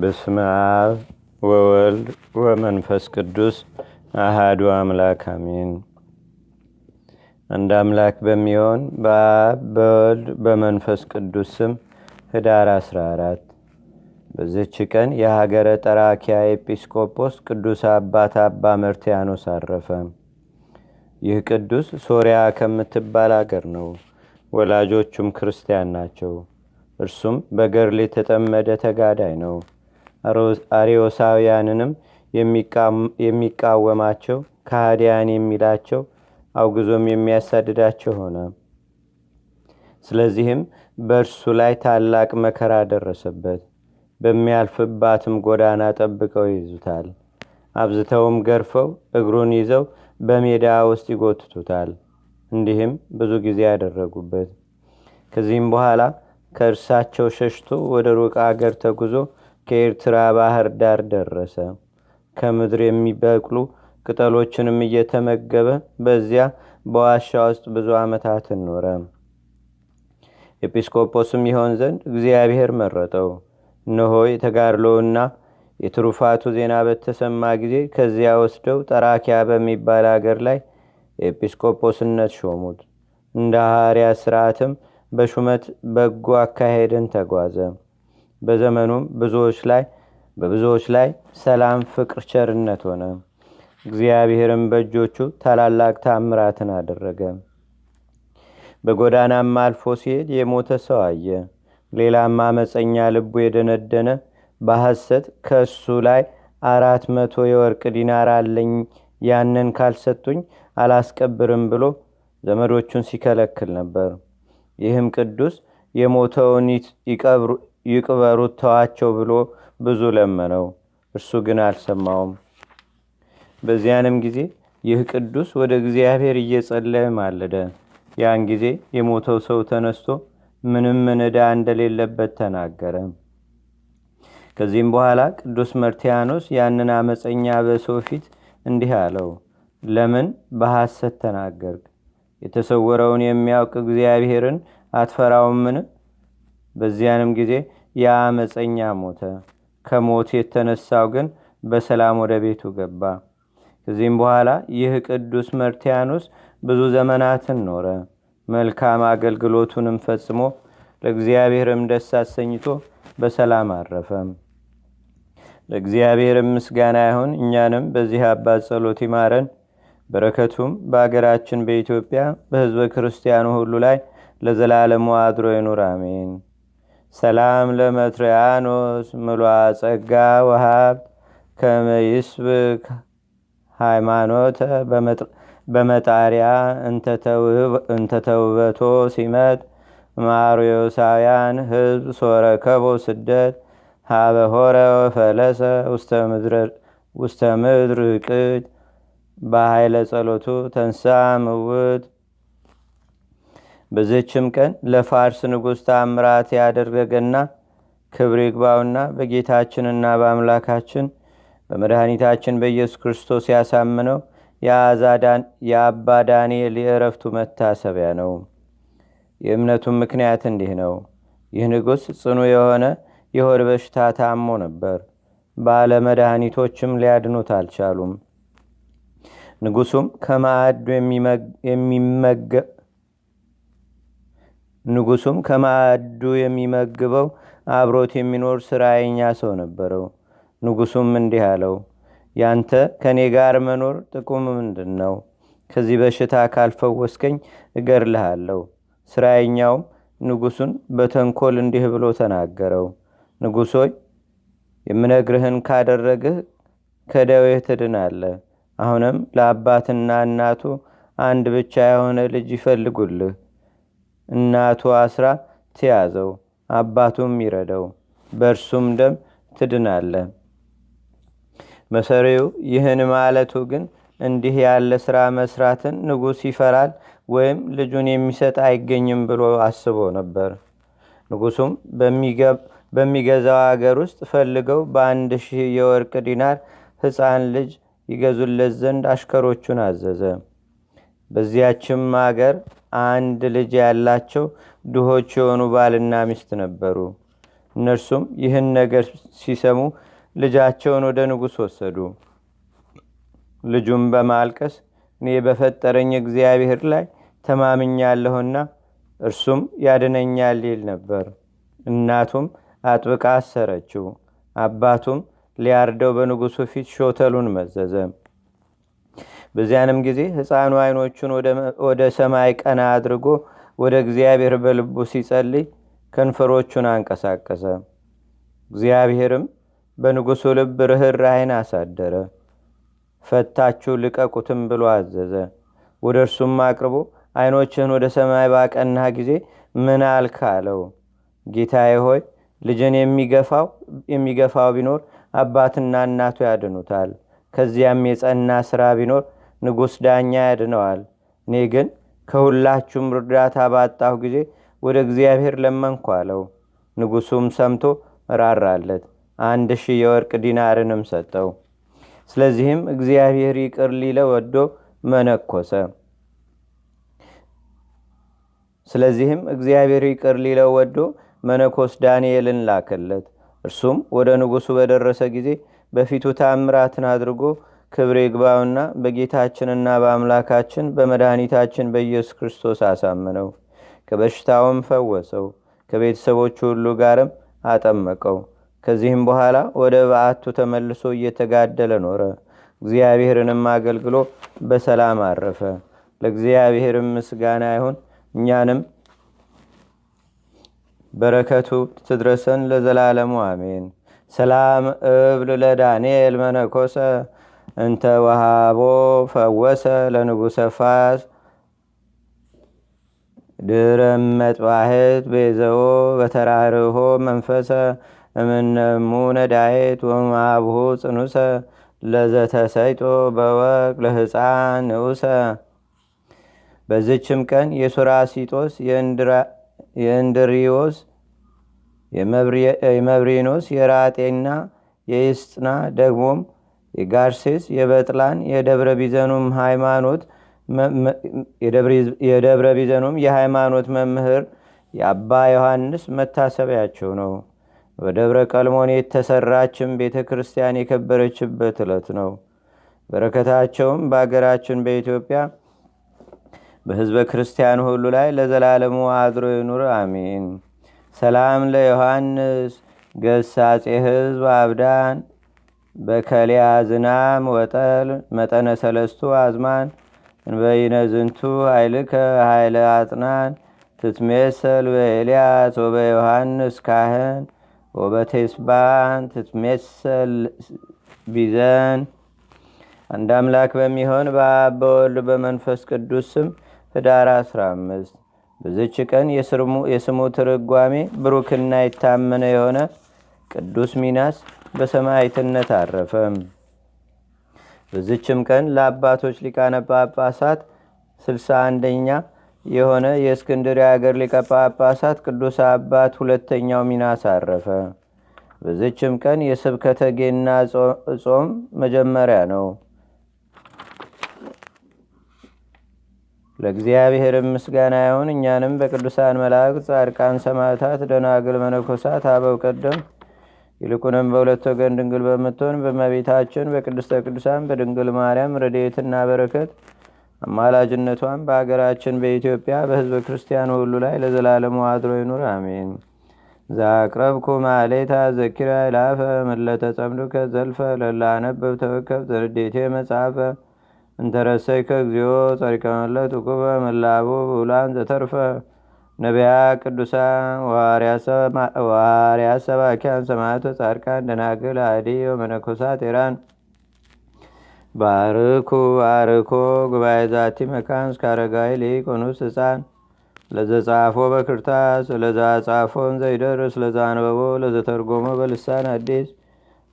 በስመ አብ ወወልድ ወመንፈስ ቅዱስ አሃዱ አምላክ አሜን። አንድ አምላክ በሚሆን በአብ በወልድ በመንፈስ ቅዱስ ስም ህዳር 14 በዝች ቀን የሀገረ ጠራኪያ ኤጲስቆጶስ ቅዱስ አባት አባ መርቲያኖስ አረፈ። ይህ ቅዱስ ሶሪያ ከምትባል አገር ነው። ወላጆቹም ክርስቲያን ናቸው። እርሱም በገርል የተጠመደ ተጋዳይ ነው። አሪዮሳውያንንም የሚቃወማቸው ከሃዲያን የሚላቸው አውግዞም የሚያሳድዳቸው ሆነ። ስለዚህም በእርሱ ላይ ታላቅ መከራ ደረሰበት። በሚያልፍባትም ጎዳና ጠብቀው ይዙታል። አብዝተውም ገርፈው እግሩን ይዘው በሜዳ ውስጥ ይጎትቱታል። እንዲህም ብዙ ጊዜ ያደረጉበት ከዚህም በኋላ ከእርሳቸው ሸሽቶ ወደ ሩቅ አገር ተጉዞ ከኤርትራ ባህር ዳር ደረሰ። ከምድር የሚበቅሉ ቅጠሎችንም እየተመገበ በዚያ በዋሻ ውስጥ ብዙ ዓመታትን ኖረ። ኤጲስቆጶስም ይሆን ዘንድ እግዚአብሔር መረጠው። እነሆ የተጋድሎውና የትሩፋቱ ዜና በተሰማ ጊዜ ከዚያ ወስደው ጠራኪያ በሚባል አገር ላይ ኤጲስቆጶስነት ሾሙት። እንደ ሐዋርያ ስርዓትም በሹመት በጎ አካሄድን ተጓዘ በዘመኑም ብዙዎች ላይ በብዙዎች ላይ ሰላም ፍቅር ቸርነት ሆነ እግዚአብሔርም በእጆቹ ታላላቅ ታምራትን አደረገ በጎዳናም አልፎ ሲሄድ የሞተ ሰው አየ ሌላም አመፀኛ ልቡ የደነደነ በሐሰት ከእሱ ላይ አራት መቶ የወርቅ ዲናር አለኝ ያንን ካልሰጡኝ አላስቀብርም ብሎ ዘመዶቹን ሲከለክል ነበር ይህም ቅዱስ የሞተውን ይቅበሩት ተዋቸው ብሎ ብዙ ለመነው እርሱ ግን አልሰማውም በዚያንም ጊዜ ይህ ቅዱስ ወደ እግዚአብሔር እየጸለየ ማለደ ያን ጊዜ የሞተው ሰው ተነስቶ ምንም ዕዳ እንደሌለበት ተናገረ ከዚህም በኋላ ቅዱስ መርቲያኖስ ያንን አመፀኛ በሰው ፊት እንዲህ አለው ለምን በሐሰት ተናገርክ የተሰወረውን የሚያውቅ እግዚአብሔርን አትፈራውምን? በዚያንም ጊዜ የአመፀኛ ሞተ። ከሞት የተነሳው ግን በሰላም ወደ ቤቱ ገባ። ከዚህም በኋላ ይህ ቅዱስ መርቲያኖስ ብዙ ዘመናትን ኖረ። መልካም አገልግሎቱንም ፈጽሞ ለእግዚአብሔርም ደስ አሰኝቶ በሰላም አረፈ። ለእግዚአብሔርም ምስጋና ይሁን። እኛንም በዚህ አባት ጸሎት ይማረን በረከቱም በአገራችን በኢትዮጵያ በህዝበ ክርስቲያኑ ሁሉ ላይ ለዘላለሙ አድሮ ይኑር፣ አሜን። ሰላም ለመትሪያኖስ ምሏ ጸጋ ወሀብት ከመይስብክ ሃይማኖተ በመጣሪያ እንተተውበቶ ሲመት ማርዮሳውያን ህዝብ ሶረከቦ ስደት ሃበሆረ ፈለሰ ወፈለሰ ውስተ ምድር ቅድ በኃይለ ጸሎቱ ተንሳ ምውት በዘችም ቀን ለፋርስ ንጉሥ ታምራት ያደረገና ክብር ይግባውና በጌታችንና በአምላካችን በመድኃኒታችን በኢየሱስ ክርስቶስ ያሳምነው የአባ ዳንኤል የእረፍቱ መታሰቢያ ነው። የእምነቱም ምክንያት እንዲህ ነው። ይህ ንጉሥ ጽኑ የሆነ የሆድ በሽታ ታሞ ነበር። ባለመድኃኒቶችም ሊያድኑት አልቻሉም። ንጉሱም ከማዕዱ የሚመገብ ንጉሱም ከማዕዱ የሚመግበው አብሮት የሚኖር ስራይኛ ሰው ነበረው ንጉሱም እንዲህ አለው ያንተ ከእኔ ጋር መኖር ጥቁም ምንድን ነው ከዚህ በሽታ ካልፈወስከኝ እገርልሃለሁ ስራየኛውም ንጉሱን በተንኮል እንዲህ ብሎ ተናገረው ንጉሶይ የምነግርህን ካደረግህ ከደዌህ ትድናለህ አሁንም ለአባትና እናቱ አንድ ብቻ የሆነ ልጅ ይፈልጉልህ። እናቱ አስራ ትያዘው፣ አባቱም ይረደው፣ በእርሱም ደም ትድናለ። መሰሪው ይህን ማለቱ ግን እንዲህ ያለ ስራ መስራትን ንጉሥ ይፈራል ወይም ልጁን የሚሰጥ አይገኝም ብሎ አስቦ ነበር። ንጉሱም በሚገዛው አገር ውስጥ ፈልገው በአንድ ሺህ የወርቅ ዲናር ሕፃን ልጅ ይገዙለት ዘንድ አሽከሮቹን አዘዘ። በዚያችም አገር አንድ ልጅ ያላቸው ድሆች የሆኑ ባልና ሚስት ነበሩ። እነርሱም ይህን ነገር ሲሰሙ ልጃቸውን ወደ ንጉሥ ወሰዱ። ልጁም በማልቀስ እኔ በፈጠረኝ እግዚአብሔር ላይ ተማምኛለሁና እርሱም ያድነኛል ይል ነበር። እናቱም አጥብቃ አሰረችው። አባቱም ሊያርደው በንጉሱ ፊት ሾተሉን መዘዘ። በዚያንም ጊዜ ሕፃኑ ዐይኖቹን ወደ ሰማይ ቀና አድርጎ ወደ እግዚአብሔር በልቡ ሲጸልይ ከንፈሮቹን አንቀሳቀሰ። እግዚአብሔርም በንጉሱ ልብ ዐይን አሳደረ። ፈታችሁ ልቀቁትም ብሎ አዘዘ። ወደ እርሱም አቅርቦ ዐይኖችህን ወደ ሰማይ ባቀና ጊዜ ምን አልክ አለው። ጌታዬ ሆይ ልጅን የሚገፋው ቢኖር አባትና እናቱ ያድኑታል ከዚያም የጸና ሥራ ቢኖር ንጉሥ ዳኛ ያድነዋል እኔ ግን ከሁላችሁም እርዳታ ባጣሁ ጊዜ ወደ እግዚአብሔር ለመንኩ አለው ንጉሱም ሰምቶ ራራለት አንድ ሺህ የወርቅ ዲናርንም ሰጠው ስለዚህም እግዚአብሔር ይቅር ሊለ ወዶ መነኮሰ ስለዚህም እግዚአብሔር ይቅር ሊለው ወዶ መነኮስ ዳንኤልን ላከለት እርሱም ወደ ንጉሱ በደረሰ ጊዜ በፊቱ ታምራትን አድርጎ ክብር ግባውና በጌታችንና በአምላካችን በመድኃኒታችን በኢየሱስ ክርስቶስ አሳመነው። ከበሽታውም ፈወሰው። ከቤተሰቦቹ ሁሉ ጋርም አጠመቀው። ከዚህም በኋላ ወደ በአቱ ተመልሶ እየተጋደለ ኖረ። እግዚአብሔርንም አገልግሎ በሰላም አረፈ። ለእግዚአብሔርም ምስጋና ይሁን እኛንም በረከቱ ትድረሰን ለዘላለሙ አሜን። ሰላም እብል ለዳንኤል መነኮሰ እንተ ወሃቦ ፈወሰ ለንጉሰ ፋስ ድረም መጥባሕት ቤዘዎ በተራርሆ መንፈሰ እምነሙ ነዳይት ወማብሁ ጽኑሰ ለዘተሰይጦ በወቅ ለህፃን ንዑሰ በዝችም ቀን የሱራሲጦስ የእንድሪዮስ የመብሬኖስ የራጤና የኢስጥና ደግሞም የጋርሴስ የበጥላን የደብረ ቢዘኑም ሃይማኖት የደብረ ቢዘኑም የሃይማኖት መምህር የአባ ዮሐንስ መታሰቢያቸው ነው። በደብረ ቀልሞን የተሰራችም ቤተ ክርስቲያን የከበረችበት ዕለት ነው። በረከታቸውም በአገራችን በኢትዮጵያ በህዝበ ክርስቲያን ሁሉ ላይ ለዘላለሙ አድሮ ይኑር፣ አሚን። ሰላም ለዮሐንስ ገሳጼ ህዝብ አብዳን በከሊያ ዝናም ወጠል መጠነ ሰለስቱ አዝማን እንበይነ ዝንቱ ኃይልከ ኃይለ አጥናን ትትሜሰል በኤልያስ ወበዮሐንስ ካህን ወበቴስባን ትትሜሰል ቢዘን አንድ አምላክ በሚሆን በአብ በወልድ በመንፈስ ቅዱስ ስም ህዳር 15 በዝች ቀን የስሙ ትርጓሜ ብሩክና የታመነ የሆነ ቅዱስ ሚናስ በሰማዕትነት አረፈ። በዝችም ቀን ለአባቶች ሊቃነ ጳጳሳት 61ኛ የሆነ የእስክንድሪ አገር ሊቀ ጳጳሳት ቅዱስ አባት ሁለተኛው ሚናስ አረፈ። በዝችም ቀን የስብከተ ገና ጾም መጀመሪያ ነው። ለእግዚአብሔርም ምስጋና ይሁን። እኛንም በቅዱሳን መላእክት፣ ጻድቃን፣ ሰማዕታት፣ ደናግል፣ መነኮሳት፣ አበው ቀደም ይልቁንም በሁለት ወገን ድንግል በምትሆን በመቤታችን በቅድስተ ቅዱሳን በድንግል ማርያም ረድኤትና በረከት አማላጅነቷን በአገራችን በኢትዮጵያ በህዝበ ክርስቲያን ሁሉ ላይ ለዘላለሙ አድሮ ይኑር፣ አሜን። ዛቅረብኩ ማሌታ ዘኪራ ይላፈ ምለተጸምዱከ ዘልፈ ለላነበብ ተወከብ ዘርዴቴ መጽሐፈ እንተረሰይከ እግዚኦ ጸሪቀመለ ጥቁበ መላቡ ብውላን ዘተርፈ ነቢያ ቅዱሳን ዋርያ ሰባኪያን ሰማያቶ ጻድቃን ደናግል አዲ ወመነኮሳት ኢራን ባርኩ ባርኮ ጉባኤ ዛቲ መካን እስካረጋይ ሊቆኑስ ህፃን ለዘጻፎ በክርታስ ለዛጻፎን ዘይደርስ አንበቦ ለዘተርጎሞ በልሳን አዲስ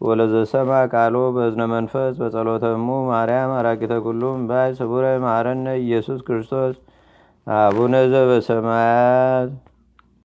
ወለዘሰማ ቃሎ በእዝነ መንፈስ በጸሎተሙ ማርያም አራቂተ ኩሉም ባይ ስቡረ ማረነ ኢየሱስ ክርስቶስ አቡነ ዘበሰማያት